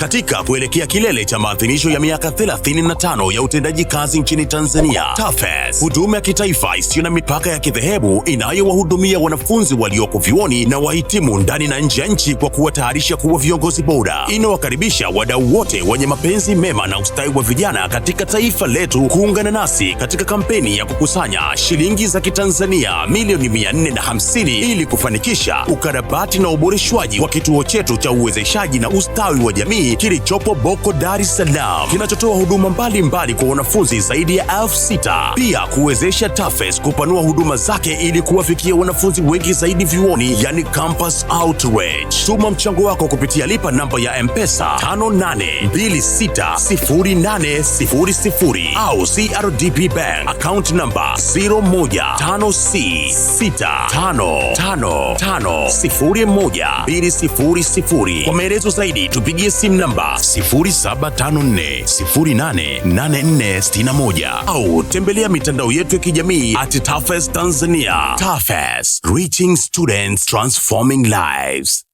Katika kuelekea kilele cha maadhimisho ya miaka 35 ya utendaji kazi nchini Tanzania, TAFES, huduma ya kitaifa isiyo na mipaka ya kidhehebu inayowahudumia wanafunzi walioko vyuoni na wahitimu ndani na nje ya nchi kwa kuwatayarisha kuwa viongozi bora, inawakaribisha wadau wote wenye mapenzi mema na ustawi wa vijana katika taifa letu kuungana nasi katika kampeni ya kukusanya shilingi za kitanzania milioni 450 ili kufanikisha ukarabati na uboreshwaji wa kituo chetu cha uwezeshaji na ustawi wa jamii kilichopo Boko, Dar es Salaam, kinachotoa huduma mbalimbali kwa wanafunzi zaidi ya elfu sita. Pia kuwezesha TAFES kupanua huduma zake ili kuwafikia wanafunzi wengi zaidi vyuoni, yani campus outreach. Tuma mchango wako kupitia lipa namba ya mpesa pesa 58260800 au CRDB Bank account namba 015C6555012000. Kwa maelezo zaidi tupigie simu namba 0754088461 au tembelea mitandao yetu ya kijamii at TAFES Tanzania. TAFES, reaching students transforming lives.